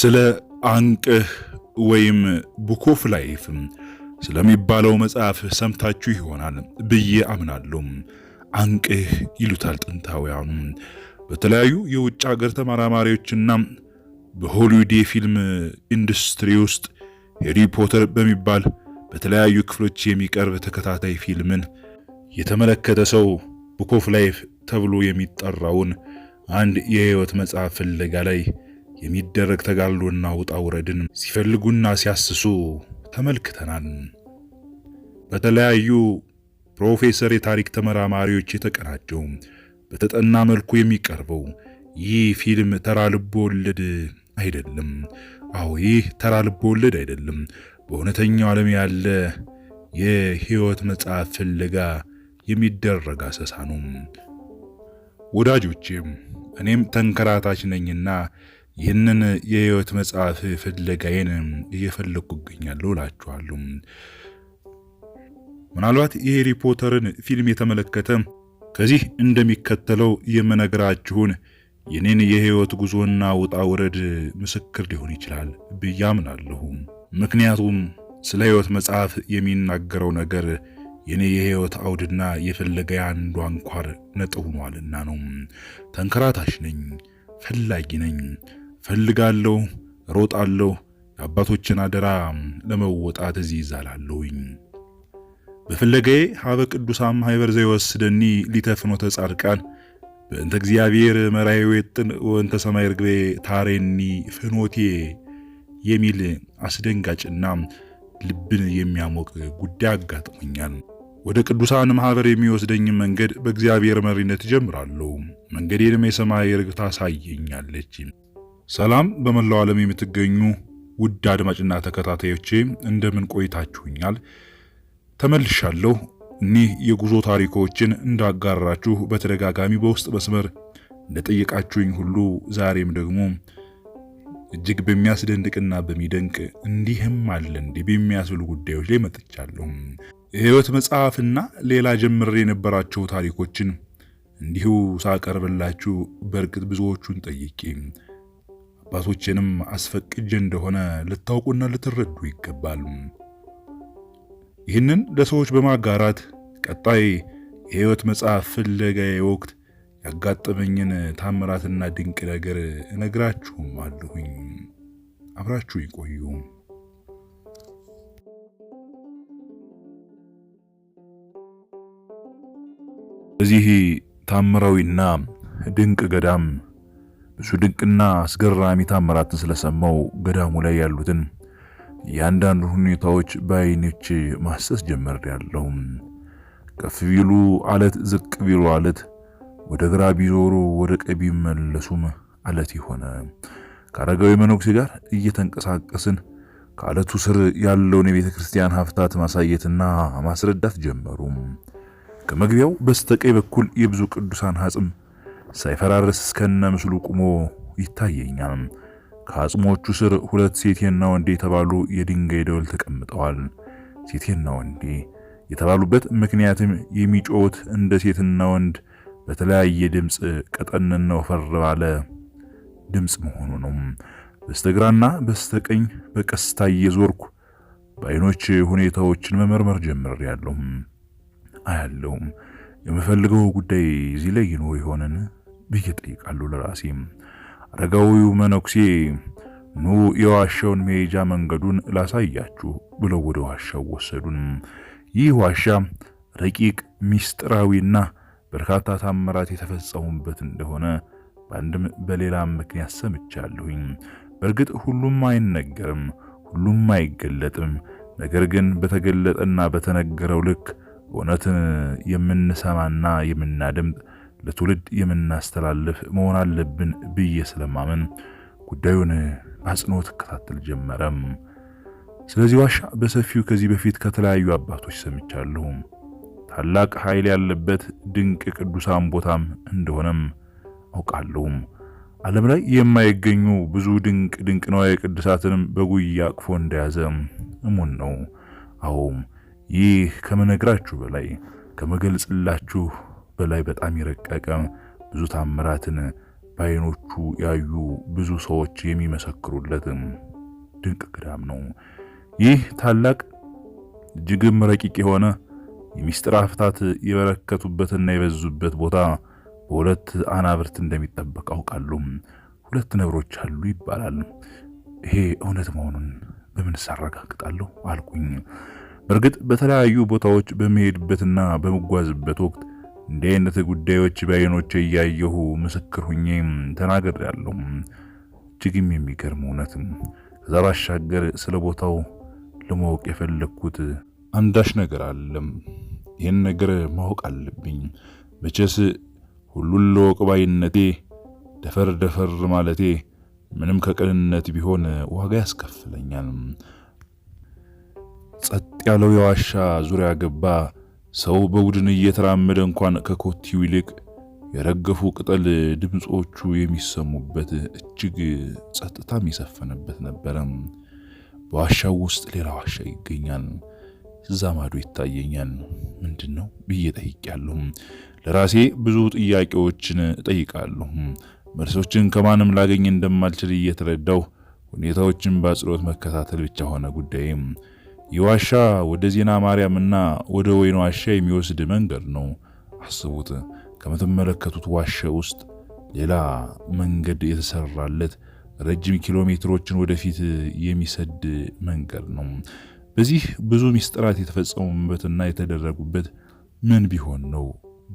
ስለ አንቅህ ወይም ቡክ ኦፍ ላይፍ ስለሚባለው መጽሐፍ ሰምታችሁ ይሆናል ብዬ አምናለሁ። አንቅህ ይሉታል ጥንታውያኑ። በተለያዩ የውጭ ሀገር ተመራማሪዎችና በሆሊውድ የፊልም ኢንዱስትሪ ውስጥ ሄሪ ፖተር በሚባል በተለያዩ ክፍሎች የሚቀርብ ተከታታይ ፊልምን የተመለከተ ሰው ቡክ ኦፍ ላይፍ ተብሎ የሚጠራውን አንድ የህይወት መጽሐፍ ፍለጋ ላይ የሚደረግ ተጋድሎና ውጣ ውረድን ሲፈልጉና ሲያስሱ ተመልክተናል። በተለያዩ ፕሮፌሰር የታሪክ ተመራማሪዎች የተቀናጀው በተጠና መልኩ የሚቀርበው ይህ ፊልም ተራ ልብ ወለድ አይደለም። አዎ ይህ ተራ ልብ ወለድ አይደለም። በእውነተኛው ዓለም ያለ የህይወት መጽሐፍ ፍለጋ የሚደረግ አሰሳ ነው። ወዳጆቼም እኔም ተንከራታች ነኝና ይህንን የህይወት መጽሐፍ ፍለጋዬን እየፈለግኩ እገኛለሁ እላችኋለሁ። ምናልባት የሄሪ ፖተርን ፊልም የተመለከተ ከዚህ እንደሚከተለው የምነግራችሁን የኔን የህይወት ጉዞና ውጣ ውረድ ምስክር ሊሆን ይችላል ብዬ አምናለሁ። ምክንያቱም ስለ ህይወት መጽሐፍ የሚናገረው ነገር የኔ የህይወት አውድና የፍለጋ አንዱ አንኳር ነጥብ ሆኗልና ነው። ተንከራታሽ ነኝ፣ ፈላጊ ነኝ። ፈልጋለሁ፣ ሮጣለሁ፣ የአባቶችን አደራ ለመወጣት እዚህ ይዛላለሁኝ። በፍለጋዬ ሀበ ቅዱሳም ሀይበር ዘይወስደኒ ሊተፍኖ ጻድቃን በእንተ እግዚአብሔር መራዊ ወጥን ወእንተ ሰማይ ርግቤ ታሬኒ ፍኖቴ የሚል አስደንጋጭና ልብን የሚያሞቅ ጉዳይ አጋጥሞኛል። ወደ ቅዱሳን ማህበር የሚወስደኝ መንገድ በእግዚአብሔር መሪነት ጀምራለሁ። መንገዴንም የሰማይ ርግብ ታሳየኛለች። ሰላም በመላው ዓለም የምትገኙ ውድ አድማጭና ተከታታዮቼ እንደምን ቆይታችሁኛል? ተመልሻለሁ። እኒህ የጉዞ ታሪኮችን እንዳጋራችሁ በተደጋጋሚ በውስጥ መስመር እንደጠየቃችሁኝ ሁሉ ዛሬም ደግሞ እጅግ በሚያስደንቅና በሚደንቅ እንዲህም አለ እንዲህ በሚያስብሉ ጉዳዮች ላይ መጥቻለሁ። የህይወት መጽሐፍና ሌላ ጀምር የነበራቸው ታሪኮችን እንዲሁ ሳቀርብላችሁ በእርግጥ ብዙዎቹን ጠይቄ አባቶችንም አስፈቅጄ እንደሆነ ልታውቁና ልትረዱ ይገባል። ይህንን ለሰዎች በማጋራት ቀጣይ የሕይወት መጽሐፍ ፍለጋዬ ወቅት ያጋጠመኝን ታምራትና ድንቅ ነገር እነግራችሁም አለሁኝ። አብራችሁ ይቆዩ። እዚህ ታምራዊና ድንቅ ገዳም ብዙ ድንቅና አስገራሚ ታምራትን ስለሰማው ገዳሙ ላይ ያሉትን የአንዳንዱ ሁኔታዎች በአይኖች ማሰስ ጀመር። ያለው ከፍ ቢሉ አለት፣ ዝቅ ቢሉ አለት፣ ወደ ግራ ቢዞሩ ወደ ቀኝ ቢመለሱም አለት የሆነ ከአረጋዊ መነኩሴ ጋር እየተንቀሳቀስን ከአለቱ ስር ያለውን የቤተ ክርስቲያን ሀፍታት ማሳየትና ማስረዳት ጀመሩ። ከመግቢያው በስተቀኝ በኩል የብዙ ቅዱሳን አጽም ሳይፈራርስ እስከነ ምስሉ ቁሞ ይታየኛል። ከአጽሞቹ ስር ሁለት ሴቴና ወንዴ የተባሉ የድንጋይ ደወል ተቀምጠዋል። ሴቴና ወንዴ የተባሉበት ምክንያትም የሚጮውት እንደ ሴትና ወንድ በተለያየ ድምፅ ቀጠንና ወፈር ባለ ድምፅ መሆኑ ነው። በስተግራና በስተቀኝ በቀስታ እየዞርኩ በአይኖች ሁኔታዎችን መመርመር ጀምር ያለሁም አያለሁም። የምፈልገው ጉዳይ እዚህ ላይ ይኖር ይሆንን? ብዬ ጠይቃለሁ ለራሴም። አረጋዊው መነኩሴ ኑ የዋሻውን መሄጃ መንገዱን ላሳያችሁ ብለው ወደ ዋሻው ወሰዱን። ይህ ዋሻ ረቂቅ ሚስጥራዊና በርካታ ታምራት የተፈጸሙበት እንደሆነ በአንድም በሌላም ምክንያት ሰምቻለሁኝ። በእርግጥ ሁሉም አይነገርም፣ ሁሉም አይገለጥም። ነገር ግን በተገለጠና በተነገረው ልክ እውነትን የምንሰማና የምናደምጥ ለትውልድ የምናስተላልፍ መሆን አለብን ብዬ ስለማምን ጉዳዩን በአጽንኦት እከታተል ጀመረም። ስለዚህ ዋሻ በሰፊው ከዚህ በፊት ከተለያዩ አባቶች ሰምቻለሁ። ታላቅ ኃይል ያለበት ድንቅ ቅዱሳን ቦታም እንደሆነም አውቃለሁም። ዓለም ላይ የማይገኙ ብዙ ድንቅ ድንቅ ነዋየ ቅድሳትንም በጉይ አቅፎ እንደያዘ እሙን ነው። አሁም ይህ ከመነግራችሁ በላይ ከመገልጽላችሁ በላይ በጣም የረቀቀ ብዙ ታምራትን በዓይኖቹ ያዩ ብዙ ሰዎች የሚመሰክሩለት ድንቅ ገዳም ነው። ይህ ታላቅ እጅግም ረቂቅ የሆነ የሚስጥር አፍታት የበረከቱበትና የበዙበት ቦታ በሁለት አናብርት እንደሚጠበቅ አውቃሉ። ሁለት ነብሮች አሉ ይባላል። ይሄ እውነት መሆኑን በምን ሳረጋግጣለሁ አልኩኝ። በእርግጥ በተለያዩ ቦታዎች በመሄድበትና በመጓዝበት ወቅት እንዲህ አይነት ጉዳዮች በአይኖቼ እያየሁ ምስክር ሁኜ ተናግሬያለሁ። እጅግም የሚገርም እውነትም። ከዛ ባሻገር ስለ ቦታው ለማወቅ የፈለግኩት አንዳች ነገር አለም። ይህን ነገር ማወቅ አለብኝ። መቼስ ሁሉን ለወቅ ባይነቴ ደፈር ደፈር ማለቴ ምንም ከቅንነት ቢሆን ዋጋ ያስከፍለኛል። ጸጥ ያለው የዋሻ ዙሪያ ገባ ሰው በቡድን እየተራመደ እንኳን ከኮቴው ይልቅ የረገፉ ቅጠል ድምፆቹ የሚሰሙበት እጅግ ጸጥታም የሰፈነበት ነበረ። በዋሻው ውስጥ ሌላ ዋሻ ይገኛል። እዛ ማዶ ይታየኛል። ምንድን ነው ብዬ ጠይቄያለሁ። ለራሴ ብዙ ጥያቄዎችን እጠይቃለሁ። መልሶችን ከማንም ላገኝ እንደማልችል እየተረዳው ሁኔታዎችን በአጽንኦት መከታተል ብቻ ሆነ ጉዳይም የዋሻ ወደ ዜና ማርያምና ወደ ወይን ዋሻ የሚወስድ መንገድ ነው። አስቡት፣ ከምትመለከቱት ዋሻ ውስጥ ሌላ መንገድ የተሰራለት ረጅም ኪሎ ሜትሮችን ወደፊት የሚሰድ መንገድ ነው። በዚህ ብዙ ሚስጥራት የተፈጸሙበትና የተደረጉበት ምን ቢሆን ነው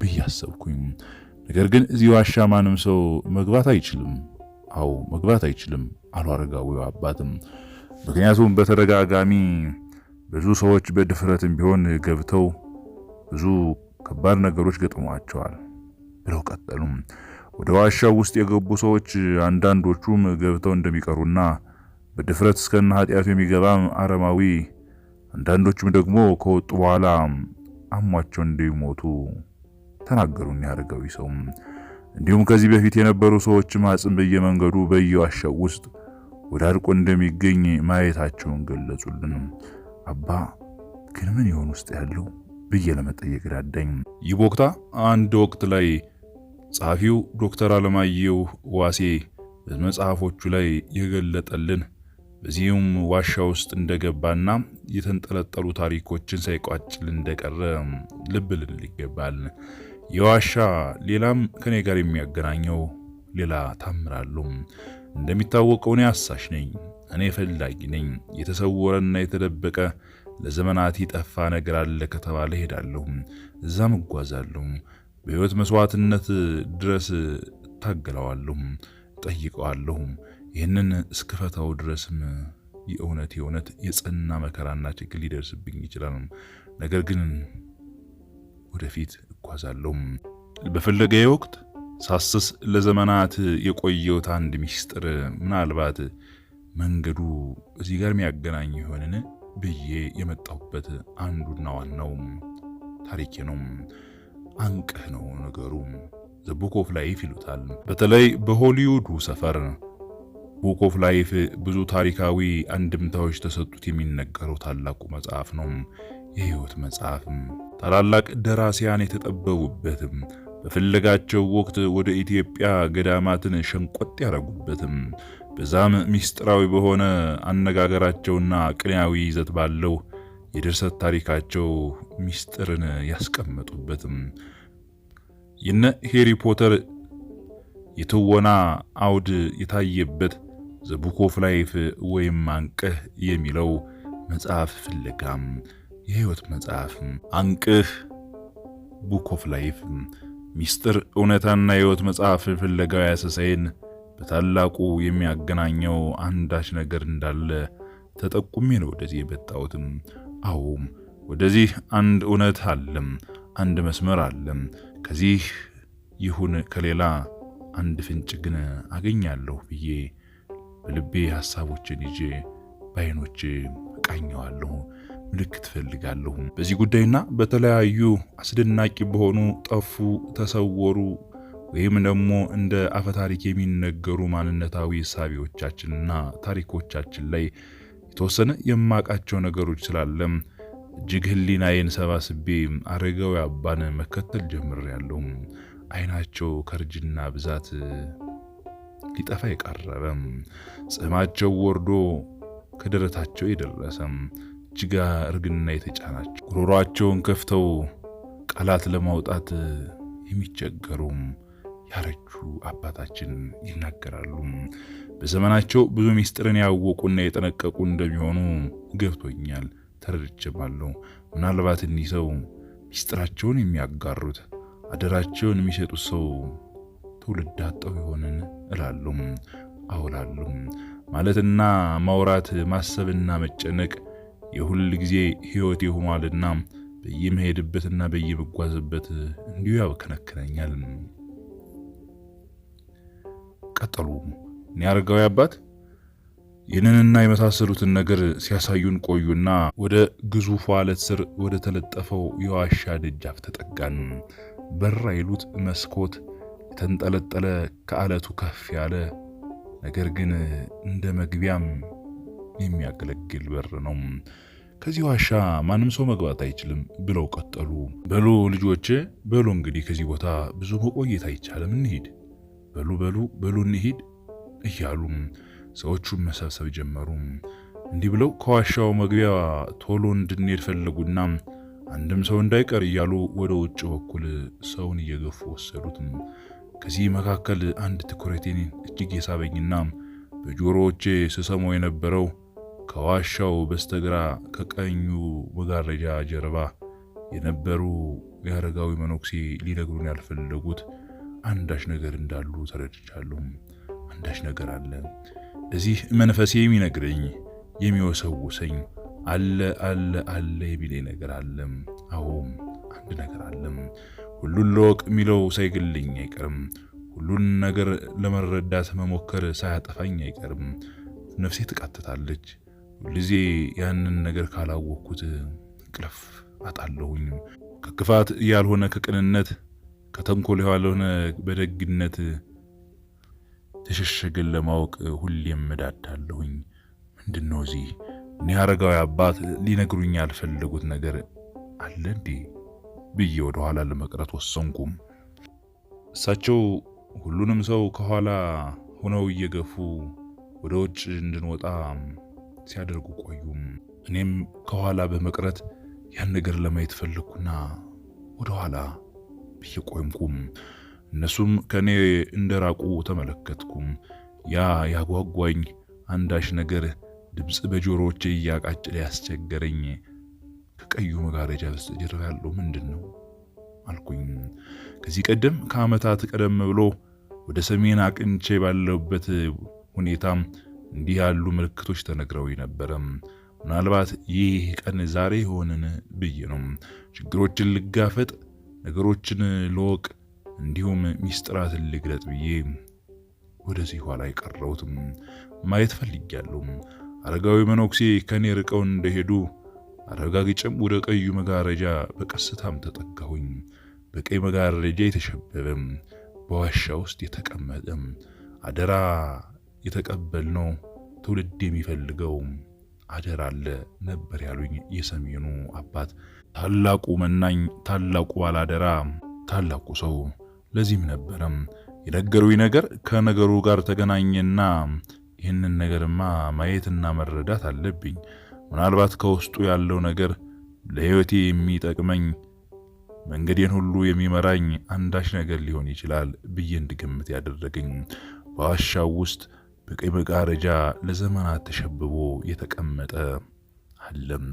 ብዬ አሰብኩኝ። ነገር ግን እዚህ ዋሻ ማንም ሰው መግባት አይችልም። አዎ መግባት አይችልም አሉ አረጋዊው አባትም። ምክንያቱም በተደጋጋሚ ብዙ ሰዎች በድፍረትም ቢሆን ገብተው ብዙ ከባድ ነገሮች ገጥመዋቸዋል ብለው ቀጠሉም። ወደ ዋሻው ውስጥ የገቡ ሰዎች አንዳንዶቹም ገብተው እንደሚቀሩና በድፍረት እስከነ ኃጢአቱ የሚገባም አረማዊ፣ አንዳንዶቹም ደግሞ ከወጡ በኋላ አሟቸው እንደሚሞቱ ተናገሩ። ያደርገው ሰውም እንዲሁም ከዚህ በፊት የነበሩ ሰዎችም አጽም በየመንገዱ በየዋሻው ውስጥ ወደ አድቆ እንደሚገኝ ማየታቸውን ገለጹልን። አባ ግን ምን ይሆን ውስጥ ያለው ብዬ ለመጠየቅ ዳዳኝ። ይህ ቦክታ አንድ ወቅት ላይ ጸሐፊው ዶክተር አለማየሁ ዋሴ በመጽሐፎቹ ላይ የገለጠልን በዚህም ዋሻ ውስጥ እንደገባና የተንጠለጠሉ ታሪኮችን ሳይቋጭል እንደቀረ ልብ ልንል ይገባል። የዋሻ ሌላም ከኔ ጋር የሚያገናኘው ሌላ ታምራሉ። እንደሚታወቀው እኔ አሳሽ ነኝ። እኔ ፈላጊ ነኝ። የተሰወረና የተደበቀ ለዘመናት የጠፋ ነገር አለ ከተባለ ሄዳለሁ፣ እዛም እጓዛለሁ። በህይወት መስዋዕትነት ድረስ እታገለዋለሁ፣ እጠይቀዋለሁ። ይህንን እስክፈታው ድረስም የእውነት የእውነት የጸና መከራና ችግር ሊደርስብኝ ይችላል። ነገር ግን ወደፊት እጓዛለሁ። በፈለገ ወቅት ሳስስ ለዘመናት የቆየሁት አንድ ሚስጥር ምናልባት መንገዱ እዚህ ጋር የሚያገናኝ የሆንን ብዬ የመጣሁበት አንዱና ዋናው ታሪኬ ነው። አንቀህ ነው ነገሩ። ዘ ቡክ ኦፍ ላይፍ ይሉታል። በተለይ በሆሊውዱ ሰፈር ቡክ ኦፍ ላይፍ ብዙ ታሪካዊ አንድምታዎች ተሰጡት የሚነገረው ታላቁ መጽሐፍ ነው። የህይወት መጽሐፍ ታላላቅ ደራሲያን የተጠበቡበት፣ በፍለጋቸው ወቅት ወደ ኢትዮጵያ ገዳማትን ሸንቆጥ ያደረጉበትም በዛም ሚስጥራዊ በሆነ አነጋገራቸውና ቅኔያዊ ይዘት ባለው የድርሰት ታሪካቸው ሚስጥርን ያስቀመጡበትም የነ ሄሪ ፖተር የትወና አውድ የታየበት ዘ ቡክ ኦፍ ላይፍ ወይም አንቅህ የሚለው መጽሐፍ ፍለጋም የህይወት መጽሐፍ አንቅህ ቡክ ኦፍ ላይፍ ሚስጥር እውነታና የህይወት መጽሐፍ ፍለጋ ያሰሳይን በታላቁ የሚያገናኘው አንዳች ነገር እንዳለ ተጠቁሜ ነው ወደዚህ የመጣሁትም። አዎም ወደዚህ አንድ እውነት አለም፣ አንድ መስመር አለም። ከዚህ ይሁን ከሌላ አንድ ፍንጭ ግን አገኛለሁ ብዬ በልቤ ሀሳቦችን ይዤ በአይኖቼ እቃኘዋለሁ። ምልክት ፈልጋለሁ። በዚህ ጉዳይና በተለያዩ አስደናቂ በሆኑ ጠፉ፣ ተሰወሩ ወይም ደግሞ እንደ አፈታሪክ የሚነገሩ ማንነታዊ ሳቢዎቻችንና ታሪኮቻችን ላይ የተወሰነ የማቃቸው ነገሮች ስላለም እጅግ ህሊናዬን ሰባስቤ አረጋዊ አባን መከተል ጀምሬያለሁ። አይናቸው ከእርጅና ብዛት ሊጠፋ የቀረበም፣ ጽማቸው ወርዶ ከደረታቸው የደረሰም፣ እጅጋ እርግና የተጫናቸው፣ ጉሮሯቸውን ከፍተው ቃላት ለማውጣት የሚቸገሩም ያረጁ አባታችን ይናገራሉ። በዘመናቸው ብዙ ሚስጥርን ያወቁና የጠነቀቁ እንደሚሆኑ ገብቶኛል፣ ተረድቼማለሁ። ምናልባት እኒህ ሰው ሚስጥራቸውን የሚያጋሩት አደራቸውን የሚሰጡት ሰው ትውልድ አጠው ይሆንን እላለሁ። አውላለሁ ማለትና ማውራት ማሰብና መጨነቅ የሁል ጊዜ ህይወት ይሆናልና በየመሄድበትና በየመጓዝበት እንዲሁ ያብከነክነኛል። ቀጠሉ እኔ አረጋዊ አባት ይህንንና የመሳሰሉትን ነገር ሲያሳዩን ቆዩና ወደ ግዙፉ አለት ስር ወደ ተለጠፈው የዋሻ ደጃፍ ተጠጋን። በር አይሉት መስኮት የተንጠለጠለ ከአለቱ ከፍ ያለ ነገር ግን እንደ መግቢያም የሚያገለግል በር ነው። ከዚህ ዋሻ ማንም ሰው መግባት አይችልም ብለው ቀጠሉ። በሉ ልጆቼ፣ በሉ እንግዲህ ከዚህ ቦታ ብዙ መቆየት አይቻልም፣ እንሄድ በሉ በሉ በሉ እንሂድ እያሉ ሰዎቹን መሰብሰብ ጀመሩ። እንዲህ ብለው ከዋሻው መግቢያ ቶሎ እንድንሄድ ፈለጉና አንድም ሰው እንዳይቀር እያሉ ወደ ውጭ በኩል ሰውን እየገፉ ወሰዱት። ከዚህ መካከል አንድ ትኩረቴን እጅግ የሳበኝና በጆሮዎቼ ስሰማው የነበረው ከዋሻው በስተግራ ከቀኙ መጋረጃ ጀርባ የነበሩ የአረጋዊ መነኩሴ ሊነግሩን ያልፈለጉት አንዳች ነገር እንዳሉ ተረድቻለሁ። አንዳች ነገር አለ እዚህ መንፈሴ የሚነግረኝ የሚወሰውሰኝ አለ አለ አለ የሚለኝ ነገር አለ። አዎ አንድ ነገር አለም። ሁሉን ለወቅ የሚለው ሳይግልኝ አይቀርም። ሁሉን ነገር ለመረዳት መሞከር ሳያጠፋኝ አይቀርም። ነፍሴ ትቃትታለች። ሁልጊዜ ያንን ነገር ካላወቅኩት እንቅልፍ አጣለሁኝ። ከክፋት ያልሆነ ከቅንነት ከተንኮል ያልሆነ በደግነት ተሸሸገን ለማወቅ ሁሌም እዳዳለሁኝ። ምንድን ነው እዚህ? እኔ አረጋዊ አባት ሊነግሩኝ ያልፈለጉት ነገር አለ እንዴ ብዬ ወደ ኋላ ለመቅረት ወሰንኩም። እሳቸው ሁሉንም ሰው ከኋላ ሆነው እየገፉ ወደ ውጭ እንድንወጣ ሲያደርጉ ቆዩም። እኔም ከኋላ በመቅረት ያን ነገር ለማየት ፈለግኩና ወደ ኋላ ብዬ ቆምኩም። እነሱም ከእኔ እንደራቁ ተመለከትኩም። ያ ያጓጓኝ አንዳች ነገር ድምፅ በጆሮዎች እያቃጭለ ያስቸገረኝ ከቀዩ መጋረጃ በስተጀርባ ያለው ምንድን ነው አልኩኝ። ከዚህ ቀደም ከዓመታት ቀደም ብሎ ወደ ሰሜን አቅንቼ ባለሁበት ሁኔታ እንዲህ ያሉ ምልክቶች ተነግረው ነበረ። ምናልባት ይህ ቀን ዛሬ ሆንን ብዬ ነው ችግሮችን ልጋፈጥ ነገሮችን ልወቅ እንዲሁም ሚስጥራትን ልግለጥ ብዬ ወደዚህ ኋላ አይቀረውትም። ማየት ፈልጊያለሁ። አረጋዊ መነኩሴ ከኔ ርቀው እንደሄዱ አረጋግጬም ወደ ቀዩ መጋረጃ በቀስታም ተጠጋሁኝ። በቀይ መጋረጃ የተሸበበም በዋሻ ውስጥ የተቀመጠም አደራ የተቀበልነው ትውልድ የሚፈልገው አደራ አለ ነበር ያሉኝ የሰሜኑ አባት። ታላቁ መናኝ፣ ታላቁ ባላደራ፣ ታላቁ ሰው። ለዚህም ነበረም የነገሩኝ ነገር ከነገሩ ጋር ተገናኘና ይህንን ነገርማ ማየትና መረዳት አለብኝ። ምናልባት ከውስጡ ያለው ነገር ለሕይወቴ የሚጠቅመኝ መንገዴን ሁሉ የሚመራኝ አንዳች ነገር ሊሆን ይችላል ብዬ እንድገምት ያደረገኝ በዋሻው ውስጥ በቀይ መጋረጃ ለዘመናት ተሸብቦ የተቀመጠ አለም።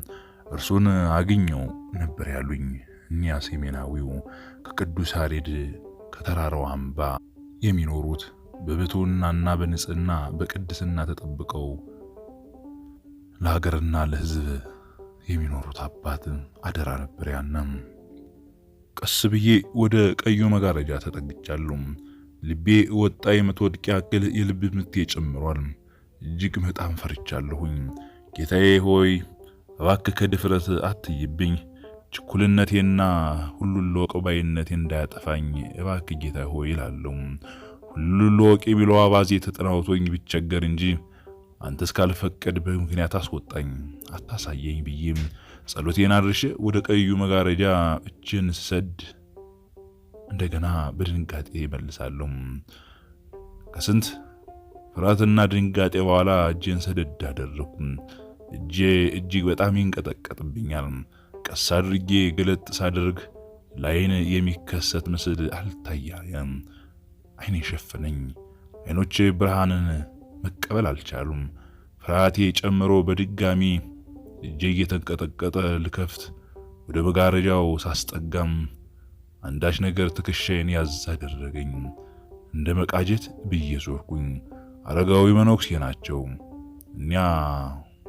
እርሱን አግኘው ነበር ያሉኝ እኒያ ሰሜናዊው ከቅዱስ ያሬድ ከተራራው አምባ የሚኖሩት በብሕትውናና በንጽህና በቅድስና ተጠብቀው ለሀገርና ለሕዝብ የሚኖሩት አባት አደራ ነበር። ያነም። ቀስ ብዬ ወደ ቀዩ መጋረጃ ተጠግቻለሁ። ልቤ ወጣ የመትወድቅ ያክል የልብ ምቴ ጨምሯል። እጅግ በጣም ፈርቻለሁኝ። ጌታዬ ሆይ እባክህ ከድፍረት አትይብኝ፣ ችኩልነቴና ሁሉን ለወቅ ባይነቴ እንዳያጠፋኝ እባክህ ጌታ ሆይ እላለሁ። ሁሉን ለወቅ የሚለው አባዜ ተጠናውቶኝ ቢቸገር እንጂ አንተ እስካልፈቀድ በምክንያት አስወጣኝ አታሳየኝ ብዬ ጸሎቴን አድርሼ ወደ ቀዩ መጋረጃ እጅን ስሰድ እንደገና በድንጋጤ ይመልሳሉ። ከስንት ፍርሃትና ድንጋጤ በኋላ እጄን ሰደድ አደረኩ። እጄ እጅግ በጣም ይንቀጠቀጥብኛል። ቀስ አድርጌ ገለጥ ሳደርግ ላይን የሚከሰት ምስል አልታያየም። አይኔ ሸፈነኝ። አይኖቼ ብርሃንን መቀበል አልቻሉም። ፍርሃቴ ጨምሮ በድጋሚ እጄ እየተንቀጠቀጠ ልከፍት ወደ መጋረጃው ሳስጠጋም አንዳች ነገር ትከሻዬን ያዝ አደረገኝ። እንደ መቃጀት ብዬ ዞርኩኝ። አረጋዊ መነኩሴ ናቸው። እኒያ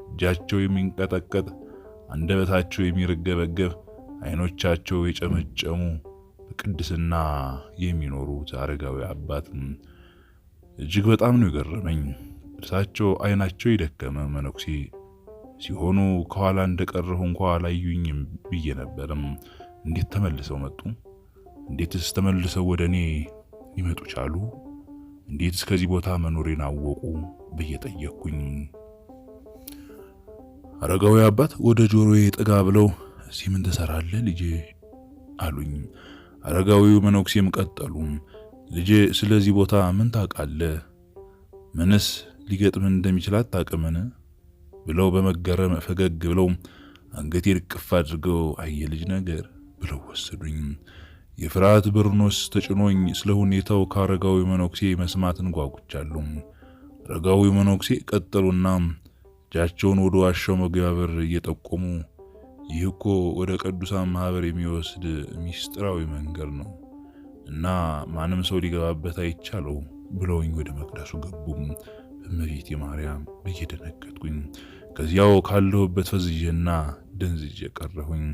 እጃቸው የሚንቀጠቀጥ አንደበታቸው የሚርገበገብ አይኖቻቸው የጨመጨሙ በቅድስና የሚኖሩት አረጋዊ አባት እጅግ በጣም ነው የገረመኝ። እርሳቸው አይናቸው የደከመ መነኩሴ ሲሆኑ ከኋላ እንደቀረሁ እንኳ ላዩኝም ብዬ ነበርም። እንዴት ተመልሰው መጡ? እንዴትስ ተመልሰው ወደ እኔ ሊመጡ ቻሉ? እንዴትስ ከዚህ ቦታ መኖሬን አወቁ ብዬ ጠየቅኩኝ። አረጋዊ አባት ወደ ጆሮዬ ጥጋ ብለው እዚህ ምን ትሰራለህ ልጄ አሉኝ። አረጋዊው መነኩሴም ቀጠሉ። ልጄ ስለዚህ ቦታ ምን ታውቃለህ? ምንስ ሊገጥምን እንደሚችል አታውቅምን? ብለው በመገረም ፈገግ ብለው አንገቴን ቅፍ አድርገው አየ ልጅ ነገር ብለው ወሰዱኝ። የፍርሃት በርኖስ ተጭኖኝ ስለ ሁኔታው ከአረጋዊ መነኩሴ መስማትን ጓጉቻለሁ። አረጋዊ መነኩሴ ቀጠሉና እጃቸውን ወደ ዋሻው መግቢያ በር እየጠቆሙ ይህ እኮ ወደ ቅዱሳን ማህበር የሚወስድ ሚስጥራዊ መንገድ ነው እና ማንም ሰው ሊገባበት አይቻለው ብለውኝ ወደ መቅደሱ ገቡም። እመቤቴ ማርያም ብዬ ደነገጥኩኝ። ከዚያው ካለሁበት ፈዝዤና ደንዝዤ ቀረሁኝ።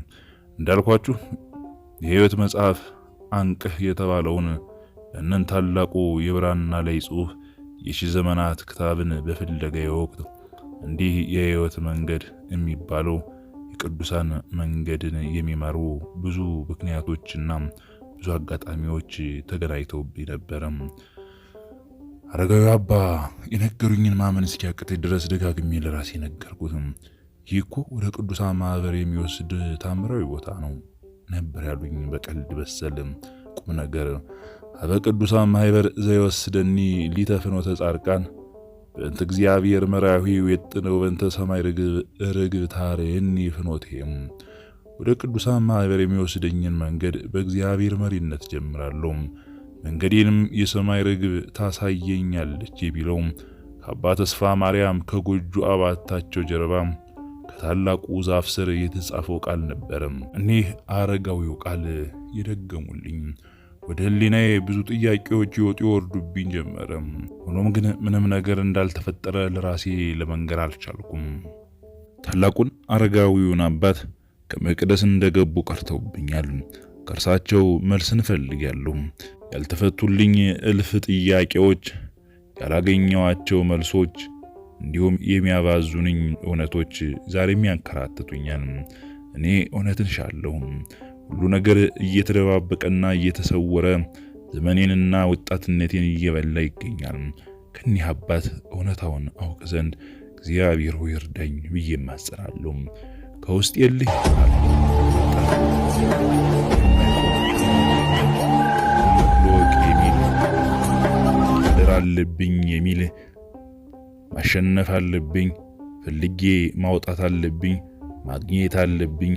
እንዳልኳችሁ የህይወት መጽሐፍ አንቅህ የተባለውን ያንን ታላቁ የብራና ላይ ጽሑፍ የሺ ዘመናት ክታብን በፍለጋዬ ወቅት እንዲህ የህይወት መንገድ የሚባለው የቅዱሳን መንገድን የሚመሩ ብዙ ምክንያቶችና ብዙ አጋጣሚዎች ተገናኝተውብኝ ነበረም። አረጋዊ አባ የነገሩኝን ማመን እስኪያቅት ድረስ ደጋግሜ ለራሴ ነገርኩትም። ይህ እኮ ወደ ቅዱሳን ማህበር የሚወስድ ታምራዊ ቦታ ነው። ነበር ያሉኝ በቀልድ በሰልም ቁም ነገር አበ ቅዱሳን ማኅበር ዘይወስደኒ ሊተ ፍኖተ ጻድቃን በእንተ እግዚአብሔር መራዊ የጥነው በእንተ ሰማይ ርግብ ታሬኒ ፍኖቴም ወደ ቅዱሳን ማኅበር የሚወስደኝን መንገድ በእግዚአብሔር መሪነት ጀምራለሁ፣ መንገዴንም የሰማይ ርግብ ታሳየኛለች ቢለው ከአባ ተስፋ ማርያም ከጎጆ አባታቸው ጀርባም ታላቁ ዛፍ ስር የተጻፈው ቃል ነበረም። እኒህ አረጋዊው ቃል የደገሙልኝ ወደ ህሊናዬ ብዙ ጥያቄዎች ይወጡ ይወርዱብኝ ጀመረ። ሆኖም ግን ምንም ነገር እንዳልተፈጠረ ለራሴ ለመንገር አልቻልኩም። ታላቁን አረጋዊውን አባት ከመቅደስ እንደገቡ ቀርተውብኛል። ከእርሳቸው መልስ እንፈልጋለሁ። ያልተፈቱልኝ እልፍ ጥያቄዎች፣ ያላገኘዋቸው መልሶች እንዲሁም የሚያባዙንኝ እውነቶች ዛሬም ያንከራትቱኛል። እኔ እውነትን ሻለሁ። ሁሉ ነገር እየተደባበቀና እየተሰወረ ዘመኔንና ወጣትነቴን እየበላ ይገኛል። ከኒህ አባት እውነታውን አውቅ ዘንድ እግዚአብሔር ሆይ እርዳኝ ብዬ ማጸናለሁ። ከውስጥ የልህ አለብኝ ማሸነፍ አለብኝ፣ ፈልጌ ማውጣት አለብኝ፣ ማግኘት አለብኝ፣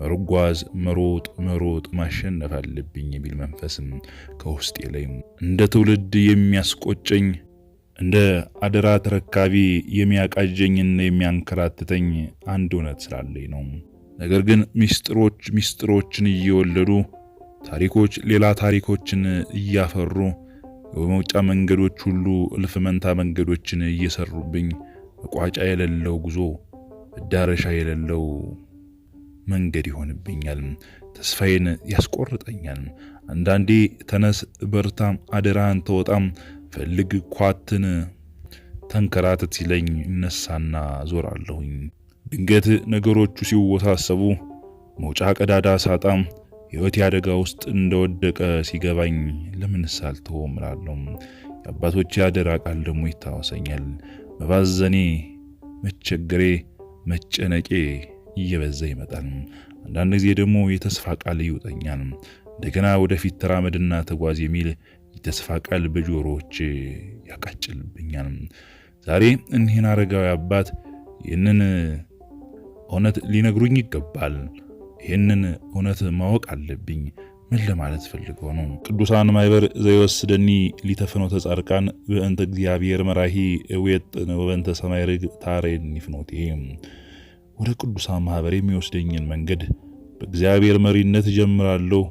መርጓዝ፣ መሮጥ፣ መሮጥ፣ ማሸነፍ አለብኝ የሚል መንፈስም ከውስጤ ላይ እንደ ትውልድ የሚያስቆጨኝ እንደ አደራ ተረካቢ የሚያቃጀኝና የሚያንከራትተኝ አንድ እውነት ስላለኝ ነው። ነገር ግን ሚስጥሮች ሚስጥሮችን እየወለዱ ታሪኮች ሌላ ታሪኮችን እያፈሩ በመውጫ መንገዶች ሁሉ እልፍ መንታ መንገዶችን እየሰሩብኝ መቋጫ የሌለው ጉዞ መዳረሻ የሌለው መንገድ ይሆንብኛል። ተስፋዬን ያስቆርጠኛል። አንዳንዴ ተነስ፣ በርታም፣ አደራህን ተወጣም፣ ፈልግ፣ ኳትን፣ ተንከራተት ሲለኝ እነሳና ዞር አለሁኝ። ድንገት ነገሮቹ ሲወሳሰቡ መውጫ ቀዳዳ ሳጣም ሕይወት አደጋ ውስጥ እንደወደቀ ሲገባኝ ለምን ሳልተውም እላለሁ። የአባቶቼ አደራ ቃል ደግሞ ይታወሰኛል። መባዘኔ፣ መቸገሬ፣ መጨነቄ እየበዛ ይመጣል። አንዳንድ ጊዜ ደግሞ የተስፋ ቃል ይውጠኛል። እንደገና ወደፊት ተራመድና ተጓዝ የሚል የተስፋ ቃል በጆሮዎች ያቃጭልብኛል። ዛሬ እኒህን አረጋዊ አባት ይህንን እውነት ሊነግሩኝ ይገባል። ይህንን እውነት ማወቅ አለብኝ። ምን ለማለት ፈልጎ ነው? ቅዱሳን ማይበር ዘይወስደኒ ሊተፍኖተ ተጻርቃን በእንተ እግዚአብሔር መራሂ እዌት ወበእንተ ሰማይ ርግብ ታሬኒ ፍኖቴ። ወደ ቅዱሳን ማህበር የሚወስደኝን መንገድ በእግዚአብሔር መሪነት ጀምራለሁ፣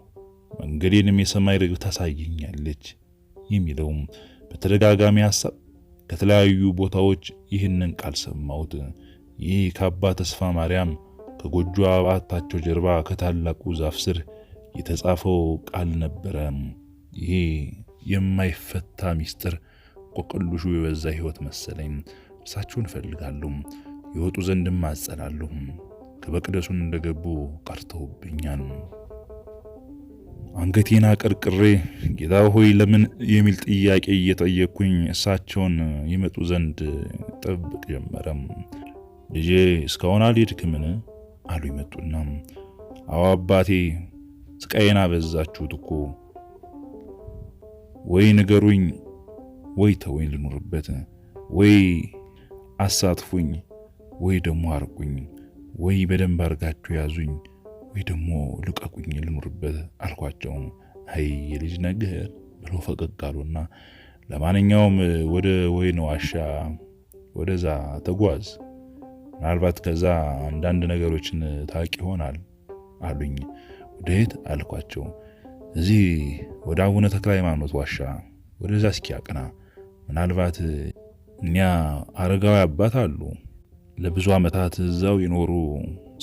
መንገዴንም የሰማይ ርግብ ታሳየኛለች የሚለውም በተደጋጋሚ ሀሳብ ከተለያዩ ቦታዎች ይህንን ቃል ሰማሁት። ይህ ከአባ ተስፋ ማርያም ከጎጆ አባታቸው ጀርባ ከታላቁ ዛፍ ስር የተጻፈው ቃል ነበረ። ይሄ የማይፈታ ሚስጥር ቆቀልሹ የበዛ ህይወት መሰለኝ። እርሳቸውን እፈልጋለሁ፣ ይወጡ ዘንድ አጸላለሁ። ከመቅደሱን እንደገቡ ቀርተውብኛል። አንገቴን አቀርቅሬ ጌታ ሆይ ለምን የሚል ጥያቄ እየጠየቅኩኝ እሳቸውን ይመጡ ዘንድ ጠብቅ ጀመረም። ልጄ እስካሁን አልሄድክምን? አሉ ይመጡና፣ አዎ አባቴ ስቃዬን አበዛችሁት እኮ ወይ ንገሩኝ፣ ወይ ተወኝ ልኑርበት፣ ወይ አሳትፉኝ፣ ወይ ደግሞ አርቁኝ፣ ወይ በደንብ አርጋችሁ ያዙኝ፣ ወይ ደግሞ ልቀቁኝ ልኑርበት አልኳቸው። አይ የልጅ ነገር ብሎ ፈቀቅ አሉና ለማንኛውም ወደ ወይን ዋሻ ወደዛ ተጓዝ ምናልባት ከዛ አንዳንድ ነገሮችን ታቅ ይሆናል አሉኝ። ወደየት አልኳቸው። እዚህ ወደ አቡነ ተክለ ሃይማኖት ዋሻ ወደዛ እስኪ አቅና። ምናልባት እኛ አረጋዊ አባት አሉ ለብዙ ዓመታት እዛው የኖሩ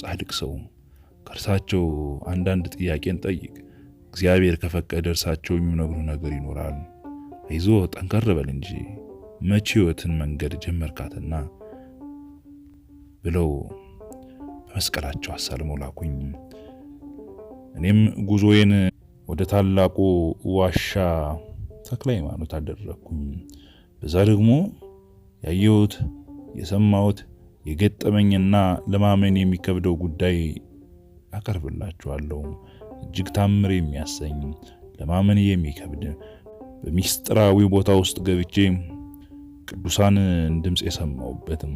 ጻድቅ ሰው ከእርሳቸው አንዳንድ ጥያቄን ጠይቅ። እግዚአብሔር ከፈቀደ እርሳቸው የሚነግሩ ነገር ይኖራል። አይዞ ጠንከር በል እንጂ መቼ ህይወትን መንገድ ጀመርካትና ብለው በመስቀላቸው አሳልመው ላኩኝ። እኔም ጉዞዬን ወደ ታላቁ ዋሻ ተክለ ሃይማኖት አደረግኩኝ። በዛ ደግሞ ያየሁት የሰማሁት የገጠመኝና ለማመን የሚከብደው ጉዳይ አቀርብላችኋለሁ። እጅግ ታምር የሚያሰኝ ለማመን የሚከብድ በሚስጥራዊ ቦታ ውስጥ ገብቼ ቅዱሳን ድምፅ የሰማሁበትም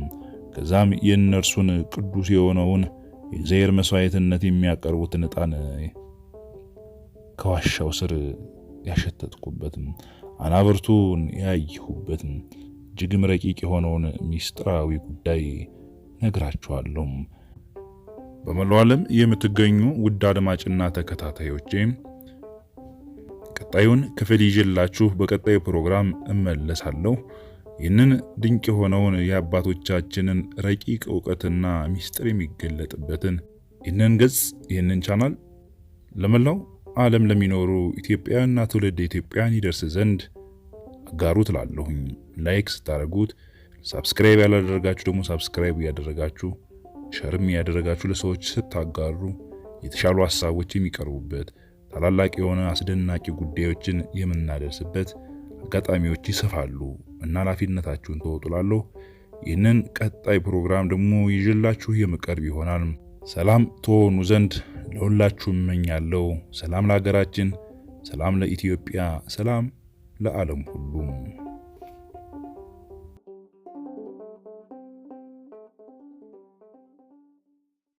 ከዛም የእነርሱን ቅዱስ የሆነውን የዘይር መስዋዕትነት የሚያቀርቡትን ዕጣን ከዋሻው ስር ያሸተጥኩበት አናብርቱን ያየሁበትን እጅግም ረቂቅ የሆነውን ሚስጥራዊ ጉዳይ ነግራችኋለሁ። በመላው ዓለም የምትገኙ ውድ አድማጭና ተከታታዮቼ ቀጣዩን ክፍል ይዤላችሁ በቀጣዩ ፕሮግራም እመለሳለሁ። ይህንን ድንቅ የሆነውን የአባቶቻችንን ረቂቅ እውቀትና ሚስጥር የሚገለጥበትን ይህንን ገጽ ይህንን ቻናል ለመላው ዓለም ለሚኖሩ ኢትዮጵያውያንና ትውልድ ኢትዮጵያውያን ይደርስ ዘንድ አጋሩት ትላለሁኝ። ላይክ ስታደርጉት፣ ሳብስክራይብ ያላደረጋችሁ ደግሞ ሳብስክራይብ እያደረጋችሁ ሸርም እያደረጋችሁ ለሰዎች ስታጋሩ የተሻሉ ሀሳቦች የሚቀርቡበት ታላላቅ የሆነ አስደናቂ ጉዳዮችን የምናደርስበት አጋጣሚዎች ይሰፋሉ። እና ኃላፊነታችሁን ተወጡላለሁ። ይህንን ቀጣይ ፕሮግራም ደግሞ ይዤላችሁ የምቀርብ ይሆናል። ሰላም ትሆኑ ዘንድ ለሁላችሁ እመኛለሁ። ሰላም ለሀገራችን፣ ሰላም ለኢትዮጵያ፣ ሰላም ለዓለም ሁሉም